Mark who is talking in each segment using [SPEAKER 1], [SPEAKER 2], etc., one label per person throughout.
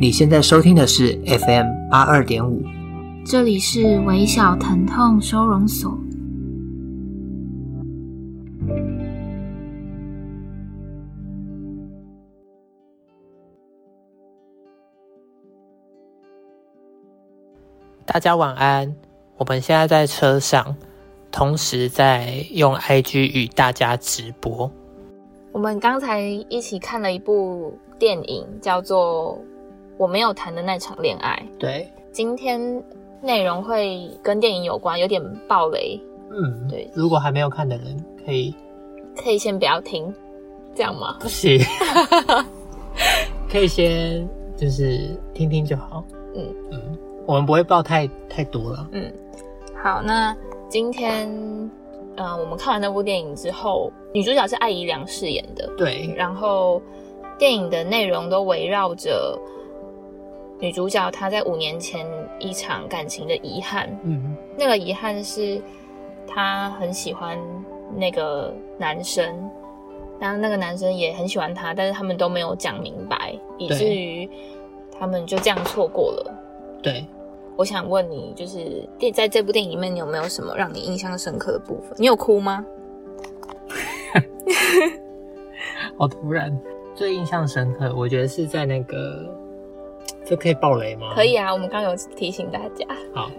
[SPEAKER 1] 你現在收聽的是 FM 八二點五，
[SPEAKER 2] 這裡是微小疼痛收容所。
[SPEAKER 1] 大家晚安，我們現在在車上。同時在用 IG 與大家直播。
[SPEAKER 2] 我們剛才一起看了一部電影，叫做《我沒有談的那場戀愛》。對，今天內容會跟電影有關，有點爆雷。
[SPEAKER 1] 嗯，對。如果還沒有看的人，可以
[SPEAKER 2] 可以先不要聽，這樣嗎？不行， 可以先
[SPEAKER 1] 就是聽聽就好。嗯嗯，我們不會爆太太多了。嗯，
[SPEAKER 2] 好，那。今天，嗯、呃，我們看完那部電影之後，女主角是艾怡良飾演的。對，然後電影的內容都圍繞着女主角，她在五年前一場感情的遺憾。嗯，那個遺憾是她很喜歡那個男生，當然那個男生也很喜歡她，但是他們都沒有講明白，以至於他們就這樣錯過了。對。我想問你，就是電在這部電影裡面，你有沒有什麼讓你印象深刻的部分？你有哭嗎？
[SPEAKER 1] 好，突然最印象深刻，我覺得是在那個，這可以爆雷嗎？
[SPEAKER 2] 可以啊，我們剛剛有提醒大家。
[SPEAKER 1] 好，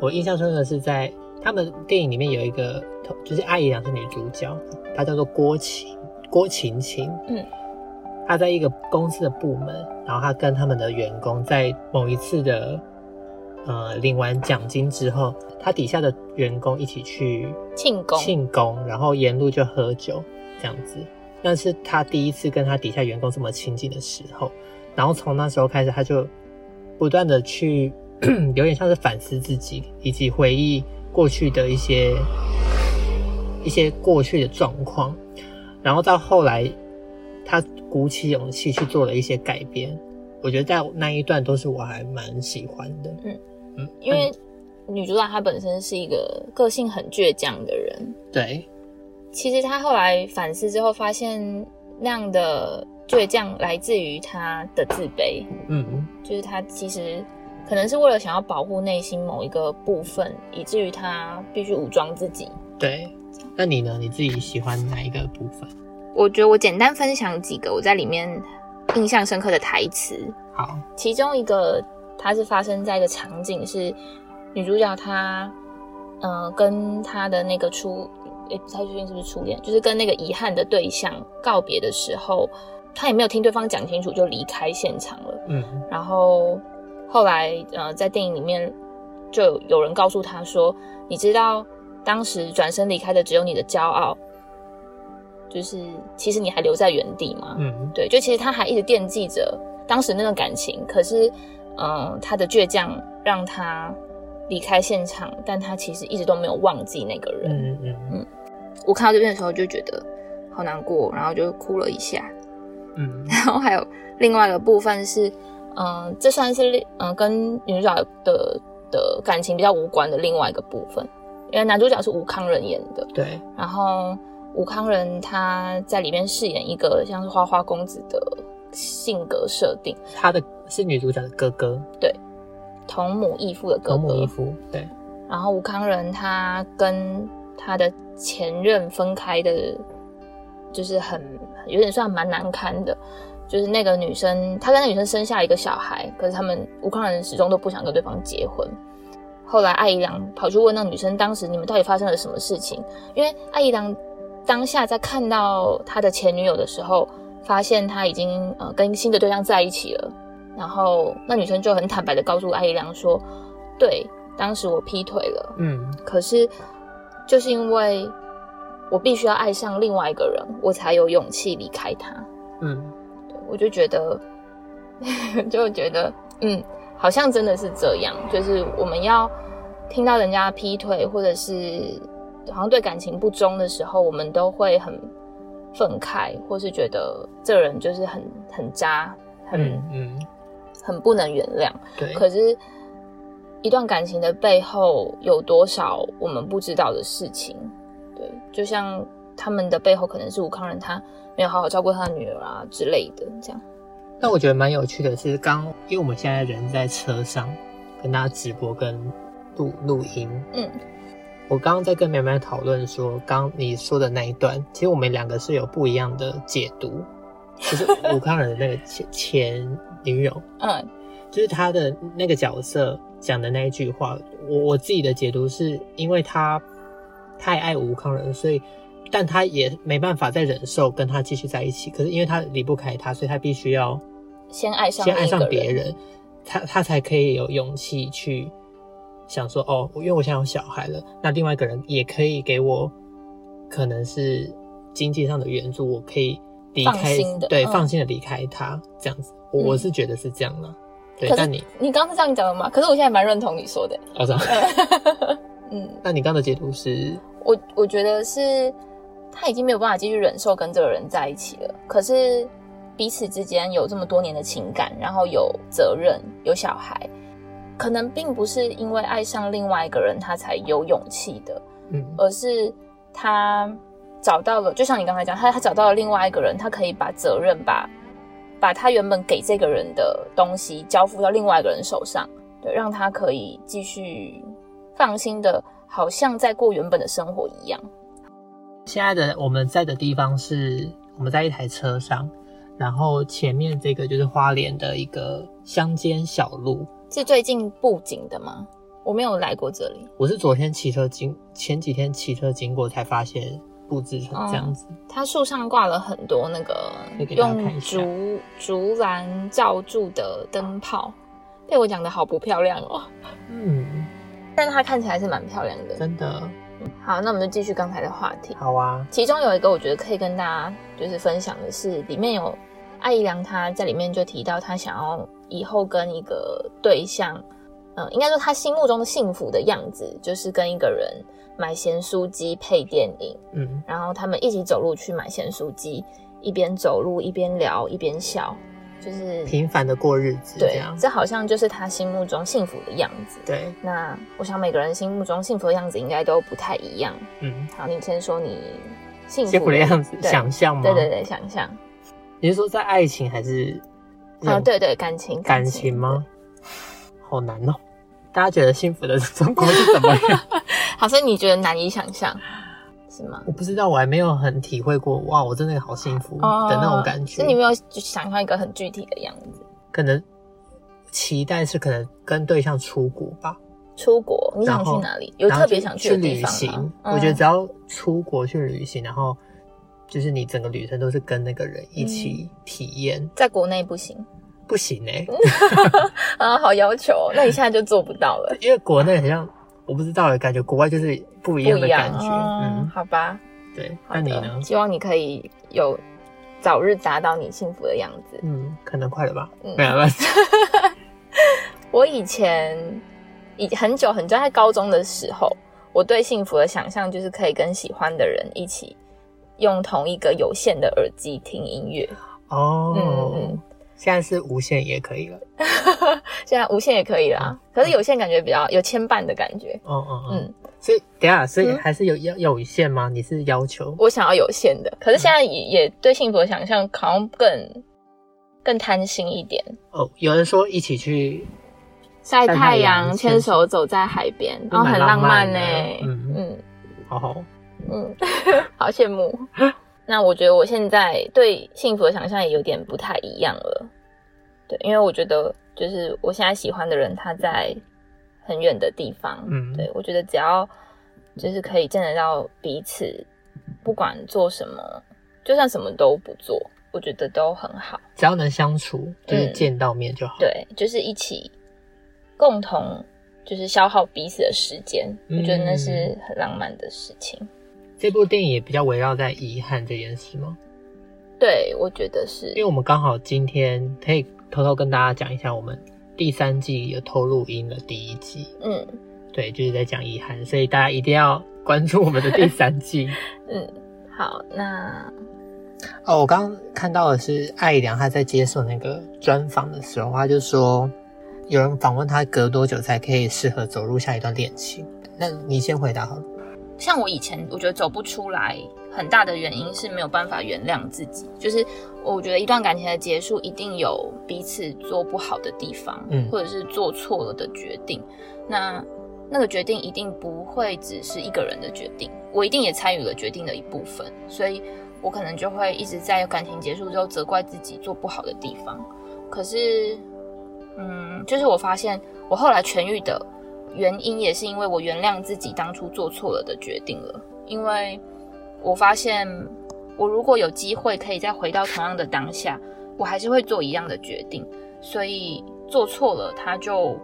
[SPEAKER 1] 我印象深刻是在他們電影裡面有一個，就是阿姨，兩個女主角，她叫做郭琴、郭琴琴。嗯，她在一個公司的部門，然後她跟他們的員工在某一次的。呃，領完獎金之後，他底下的員工一起去慶功，慶功，然後沿路就喝酒，這樣子。那是他第一次跟他底下員工這麼親近的時候，然後從那時候開始，他就不斷的去，有點像是反思自己，以及回憶過去的一些一些過去的狀況。然後到後來，他鼓起勇氣去做了一些改變。我覺得在那一段都是我還蠻喜歡的。嗯。
[SPEAKER 2] 因為女主角她本身是一個個性很倔強的人，對。其實她後來反思之後，發現那樣的倔強來自於她的自卑，嗯，就是她其實可能是為了想要保護內心某一個部分，以至於她必須武裝自己。
[SPEAKER 1] 對，那你呢？你自己喜歡哪一個部分？
[SPEAKER 2] 我覺得我簡單分享幾個我在裡面印象深刻的台詞。好，其中一個。它是發生在一個場景是，是女主角她，嗯、呃，跟她的那個初，也不太確定是不是初戀，就是跟那個遺憾的對象告別的時候，她也沒有聽對方講清楚就離開現場了。嗯，然後後來，呃，在電影裡面就有人告訴她說：“你知道，當時轉身離開的只有你的驕傲，就是其實你還留在原地嘛。”嗯，對，就其實她還一直惦記着當時那段感情，可是。嗯、呃，他的倔強讓他離開現場，但他其實一直都沒有忘記那個人。嗯嗯嗯。我看到這邊的時候就覺得好難過，然後就哭了一下。嗯。然後還有另外一個部分是，嗯、呃，這算是另嗯、呃、跟女主角的的感情比較無關的另外一個部分，因為男主角是吳慷仁演的。對。然後吳慷仁他在裡面飾演一個像是花花公子的性格設定。
[SPEAKER 1] 他的。是女主角的哥哥，
[SPEAKER 2] 對，同母異父的哥哥。同母異
[SPEAKER 1] 父，對。
[SPEAKER 2] 然後吳慷仁他跟他的前任分開的，就是很有點算蠻難堪的。就是那個女生，他跟那女生生下了一個小孩，可是他們吳慷仁始終都不想跟對方結婚。後來艾怡良跑去問那女生，當時你們到底發生了什麼事情？因為艾怡良當下在看到他的前女友的時候，發現他已經呃跟新的對象在一起了。然後，那女生就很坦白地告訴艾一良說：“對，當時我劈腿了。嗯，可是，就是因為，我必須要愛上另外一個人，我才有勇氣離開他。嗯對，我就覺得， 就覺得，嗯，好像真的是這樣。就是我們要聽到人家劈腿，或者是好像對感情不忠的時候，我們都會很憤慨，或是覺得這人就是很很渣、很……嗯嗯。”很不能原諒，對。可是，一段感情的背後有多少我們不知道的事情？對，就像他們的背後可能是吳康仁他沒有好好照顧他的女兒啊之類的，這樣。
[SPEAKER 1] 那我覺得蠻有趣的是，剛因為我們現在人在車上，跟大家直播跟錄錄音。嗯。我剛剛在跟苗苗討論說，剛你說的那一段，其實我們兩個是有不一樣的解讀。 就是吳慷仁的那個前前女友，嗯，就是他的那個角色講的那一句話，我我自己的解讀是因為他太愛吳慷仁，所以但他也沒辦法再忍受跟他繼續在一起。可是因為他離不開他，所以他必須要
[SPEAKER 2] 先愛上先愛上別
[SPEAKER 1] 人，他他才可以有勇氣去想說哦，因為我現在有小孩了，那另外一個人也可以給我可能是經濟上的援助，我可以。心的對，放心的離、嗯、開他這樣子，我是覺得是這樣的、嗯，對。但你，
[SPEAKER 2] 你剛是這樣講的嗎？可是我現在蠻認同你說的、欸。
[SPEAKER 1] 哦、啊，這樣嗯， 嗯。那你剛的解讀是？
[SPEAKER 2] 我我覺得是，他已經沒有辦法繼續忍受跟這個人在一起了。可是彼此之間有這麼多年的情感，然後有責任，有小孩，可能並不是因為愛上另外一個人，他才有勇氣的。嗯。而是他。找到了，就像你剛才講，他他找到了另外一個人，他可以把責任把把他原本給這個人的東西交付到另外一個人手上，對，讓他可以繼續放心的，好像在過原本的生活一樣。
[SPEAKER 1] 現在的我們在的地方是我們在一台車上，然後前面這個就是花蓮的一個鄉間小路。是最近布景的嗎？
[SPEAKER 2] 我沒有來
[SPEAKER 1] 過這裡，我是昨天騎車經，前幾天騎車經過才發現。佈置成這樣
[SPEAKER 2] 子，它、嗯、樹上掛了很多那個用竹竹籃罩住的燈泡，被我講得好不漂亮哦。嗯，但是它看起來是蠻漂亮的，真的。好，那我們就繼續剛才的話題。好啊，其中有一個我覺得可以跟大家就是分享的是，裡面有艾怡良他在裡面就提到他想要以後跟一個對象。嗯，應該說他心目中的幸福的樣子，就是跟一個人買鹹酥雞配電影，嗯，然後他們一起走路去買鹹酥雞，一邊走路一邊聊一邊笑，就是平
[SPEAKER 1] 凡的過日子。對，這
[SPEAKER 2] 樣。這好像就是他心目中幸福的樣子。對，那我想每個人心目中幸福的樣子應該都不太一樣。嗯，好，你先說你幸福的日子，幸福的樣子，想象嗎？對對對，想象。
[SPEAKER 1] 你是說在愛情還是？啊，對，
[SPEAKER 2] 對對，感情，感情
[SPEAKER 1] 嗎？好難哦！大家覺得幸福的中國是怎麼樣？
[SPEAKER 2] 好像你覺得難以想象，是嗎？
[SPEAKER 1] 我不知道，我還沒有很體會過。哇，我真的好幸福的那種感覺。那、哦、你有沒
[SPEAKER 2] 有想象一個很具體的樣子？
[SPEAKER 1] 可能期待是可能跟對象出國吧。
[SPEAKER 2] 出國，你想去哪裡？有特別想去旅行去、啊嗯。我覺得只
[SPEAKER 1] 要出國去旅行，然後就是你整個旅程都是跟那個人一起體驗、嗯。
[SPEAKER 2] 在國內不行，不行呢、欸， 啊，好要求，那你現在就做不到了。因為
[SPEAKER 1] 國內好像我不知道，感覺國外就是不一樣的感覺。啊嗯、
[SPEAKER 2] 好吧，對，那你呢？希望你可以有早日達到你幸福的樣子。
[SPEAKER 1] 嗯，可能快了吧？沒有辦法。
[SPEAKER 2] 我以前以很久很久在高中的時候，我對幸福的想象就是可以跟喜歡的人一起用同一個有線的耳機聽音樂。
[SPEAKER 1] 哦、oh. 嗯嗯嗯。現在是無線也可以
[SPEAKER 2] 了， 現在無線也可以了、嗯，可是有線感覺比較有牽絆的感覺。
[SPEAKER 1] 哦、嗯、哦嗯，嗯，所以等下，所以還是有要要有線嗎？你是要求？
[SPEAKER 2] 我想要有線的，可是現在也也對幸福的想象可能更、嗯、更貪心一點。
[SPEAKER 1] 哦，有人說一起去
[SPEAKER 2] 曬太陽，牽手走在海邊，然後很浪漫呢、欸。嗯嗯，
[SPEAKER 1] 好好，嗯，
[SPEAKER 2] 好羨羨慕。 那我覺得我現在對幸福的想象也有點不太一樣了，對，因為我覺得就是我現在喜歡的人他在很遠的地方，嗯，對，我覺得只要就是可以見得到彼此，不管做什麼，就算什麼都不做，我覺得都很好，
[SPEAKER 1] 只要能相處，就是見到面就好，嗯，對，
[SPEAKER 2] 就是一起共同就是消耗彼此的時間，嗯，我覺得那是很浪漫的事情。
[SPEAKER 1] 這部電影也比較圍繞在遺憾這件事嗎？
[SPEAKER 2] 對，我覺得是，因
[SPEAKER 1] 為我們剛好今天可以偷偷跟大家講一下，我們第三季有偷錄音了第一集。嗯，對，就是在講遺憾，所以大家一定要關注我們的第三季。 嗯，
[SPEAKER 2] 好，那
[SPEAKER 1] 哦，我剛剛看到的是艾良，他在接受那個專訪的時候，他就說有人訪問他隔多久才可以適合走入下一段戀情，那你先回答好了。
[SPEAKER 2] 像我以前，我覺得走不出來，很大的原因是沒有辦法原諒自己。就是我覺得一段感情的結束，一定有彼此做不好的地方，嗯，或者是做錯了的決定。那那個決定一定不會只是一個人的決定，我一定也參與了決定的一部分，所以我可能就會一直在感情結束之後責怪自己做不好的地方。可是，嗯，就是我發現我後來痊癒的，原因也是因為我原諒自己當初做錯了的決定了，因為我發現我如果有機會可以再回到同樣的當下，我還是會做一樣的決定，所以做錯了他就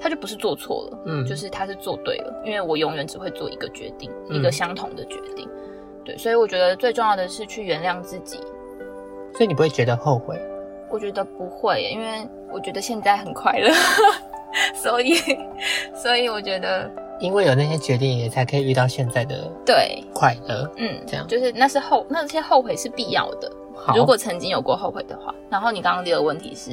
[SPEAKER 2] 他就不是做錯了，嗯，就是他是做對了，因為我永遠只會做一個決定，嗯，一個相同的決定，對，所以我覺得最重要的是去原諒自己，
[SPEAKER 1] 所以你不會覺得後悔？
[SPEAKER 2] 我覺得不會，欸，因為我覺得現在很快樂。 所以，所以我覺得，
[SPEAKER 1] 因為有那些決定也才可以遇到現在的對，快樂，對，嗯，這樣
[SPEAKER 2] 就是那是後那些後悔是必要的好。如果曾經有過後悔的話，然後你剛剛第二個問題是，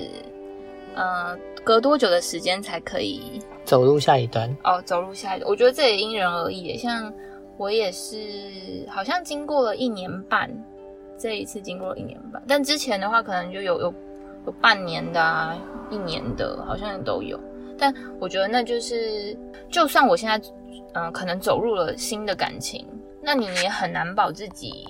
[SPEAKER 2] 呃，隔多久的時間才可以
[SPEAKER 1] 走入下一段？
[SPEAKER 2] 哦，走入下一，我覺得這也因人而異。像我也是，好像經過了一年半，這一次經過了一年半，但之前的話可能就有有有半年的啊，一年的，好像都有。但我覺得那就是，就算我現在，嗯、呃，可能走入了新的感情，那你也很難保自己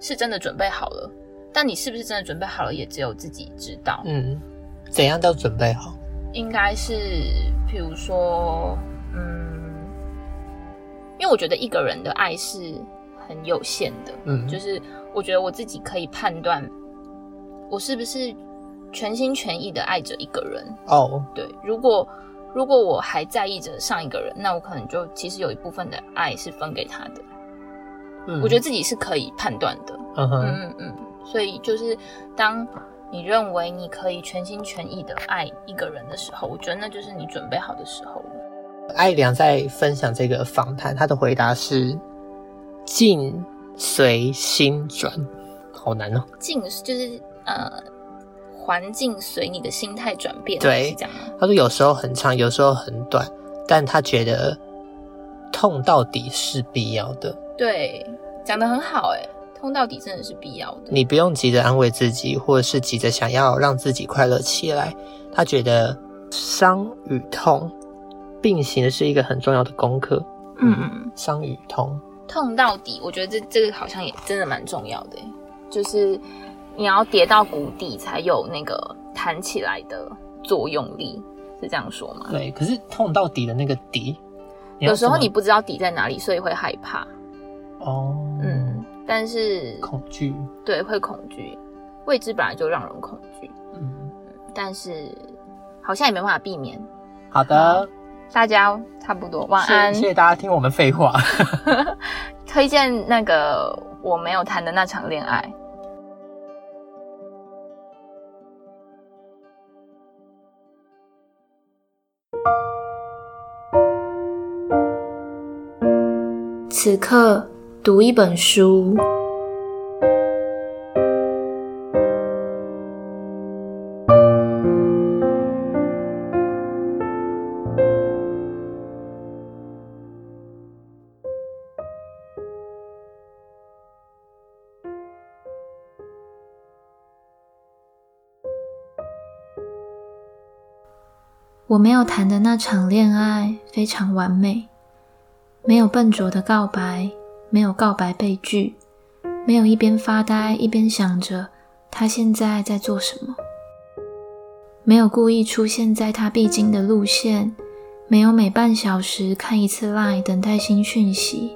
[SPEAKER 2] 是真的準備好了。但你是不是真的準備好了，也只有自己知道。嗯，
[SPEAKER 1] 怎樣都準備好，
[SPEAKER 2] 應該是，譬如說，嗯，因為我覺得一個人的愛是很有限的。嗯，就是我覺得我自己可以判斷，我是不是。全心全意的愛着一個人
[SPEAKER 1] 哦，oh. 對。
[SPEAKER 2] 如果如果我還在意着上一個人，那我可能就其實有一部分的愛是分給他的。
[SPEAKER 1] 嗯、我覺得自
[SPEAKER 2] 己是可以判斷的。Uh -huh. 嗯嗯嗯。所以就是當你認為你可以全心全意的愛一個人的時候，我覺得那就是你準備好的時候了。
[SPEAKER 1] 艾良在分享這個訪談，他的回答是“境隨心轉”，好難哦。
[SPEAKER 2] 境」就是呃。環境隨你的心態轉變，對，是這
[SPEAKER 1] 樣，他說有時候很長，有時候很短，但他覺得痛到底是必要的。
[SPEAKER 2] 對，講得很好，誒，痛到底真的是必要
[SPEAKER 1] 的。你不用急着安慰自己，或者是急着想要讓自己快樂起來。他覺得傷與痛並行的是一個很重要的功課。嗯，嗯，傷與痛，
[SPEAKER 2] 痛到底，我覺得這這個好像也真的蠻重要的，就是。你要跌到谷底才有那個彈起來的作用力，是這樣說嗎？
[SPEAKER 1] 對，可是痛到底的那個底，有時候你不
[SPEAKER 2] 知道底在哪裡，所以會害怕。
[SPEAKER 1] 哦、oh，嗯，但是恐懼，對，
[SPEAKER 2] 會恐懼，未知本來就讓人恐懼。嗯，但是好像也沒辦法避免。好的，大家差不多，晚安。謝謝大
[SPEAKER 1] 家聽我們廢話。
[SPEAKER 2] 推薦那個我沒有談的那場戀愛。此刻，讀一本書。我沒有談的那場戀愛非常完美。沒有笨拙的告白，沒有告白被拒，沒有一邊發呆一邊想着他現在在做什麼，沒有故意出現在他必經的路線，沒有每半小時看一次 LINE 等待新訊息，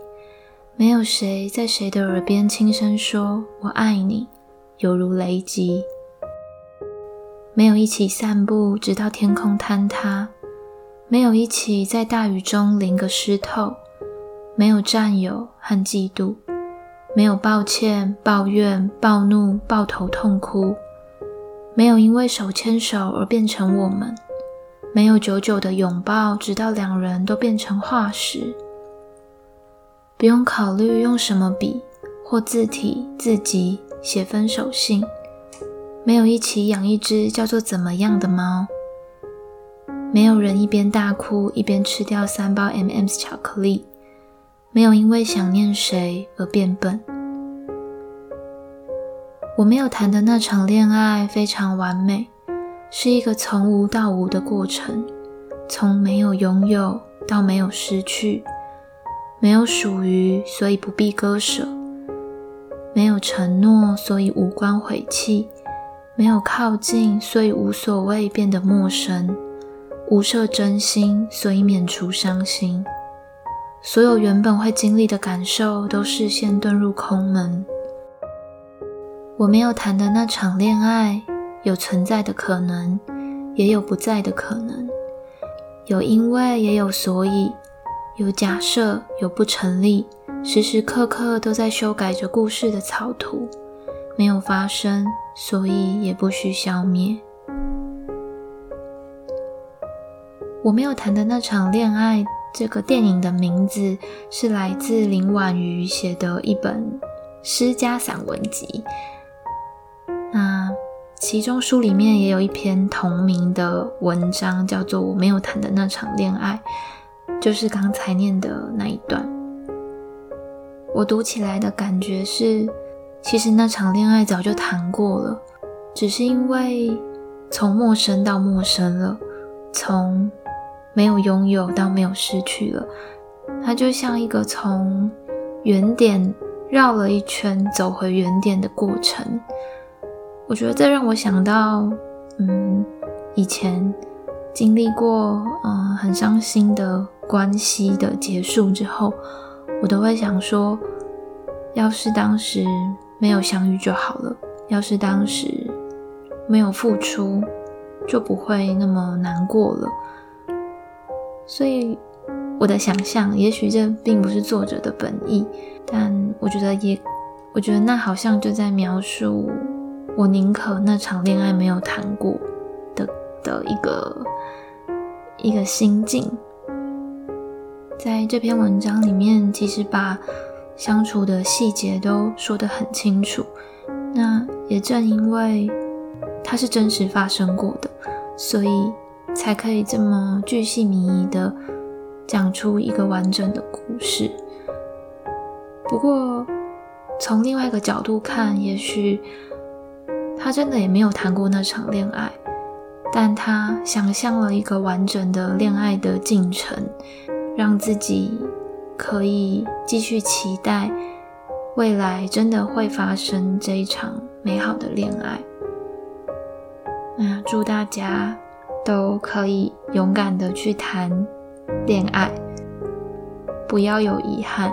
[SPEAKER 2] 沒有誰在誰的耳邊輕聲說“我愛你”，猶如雷擊，沒有一起散步直到天空坍塌，沒有一起在大雨中淋個濕透。沒有占有和嫉妒，沒有抱歉、抱怨、暴怒、抱頭痛哭，沒有因為手牽手而變成我們，沒有久久的擁抱直到兩人都變成化石，不用考慮用什麼筆或字體、字集寫分手信，沒有一起養一隻叫做怎麼樣的貓，沒有人一邊大哭一邊吃掉三包 M&M's 巧克力。沒有因為想念誰而變笨。我沒有談的那場戀愛非常完美，是一個從無到無的過程，從沒有擁有到沒有失去，沒有屬於，所以不必割捨；沒有承諾，所以無關悔氣；沒有靠近，所以無所謂變得陌生；無涉真心，所以免除傷心。所有原本會經歷的感受，都事先遁入空門。我沒有談的那場戀愛，有存在的可能，也有不在的可能，有因為，也有所以，有假設，有不成立，時時刻刻都在修改着故事的草圖。沒有發生，所以也不需消滅。我沒有談的那場戀愛。這個電影的名字是來自林婉瑜寫的一本詩家散文集。那其中書裡面也有一篇同名的文章，叫做《我沒有談的那場戀愛》，就是剛才念的那一段。我讀起來的感覺是，其實那場戀愛早就談過了，只是因為從陌生到陌生了，從。沒有擁有到沒有失去了，它就像一個從原點繞了一圈走回原點的過程。我覺得這讓我想到，嗯，以前經歷過嗯、呃、很傷心的關係的結束之後，我都會想說，要是當時沒有相遇就好了，要是當時沒有付出，就不會那麼難過了。所以，我的想象，也許這並不是作者的本意，但我覺得也，我覺得那好像就在描述我寧可那場戀愛沒有談過的的一個一個心境。在這篇文章裡面，其實把相處的細節都說得很清楚。那也正因為它是真實發生過的，所以，才可以這麼巨細靡遺的講出一個完整的故事。不過，從另外一個角度看，也許他真的也沒有談過那場戀愛，但他想象了一個完整的戀愛的進程，讓自己可以繼續期待未來真的會發生這一場美好的戀愛。那、嗯、祝大家。都可以勇敢地去談戀愛，不要有遺憾。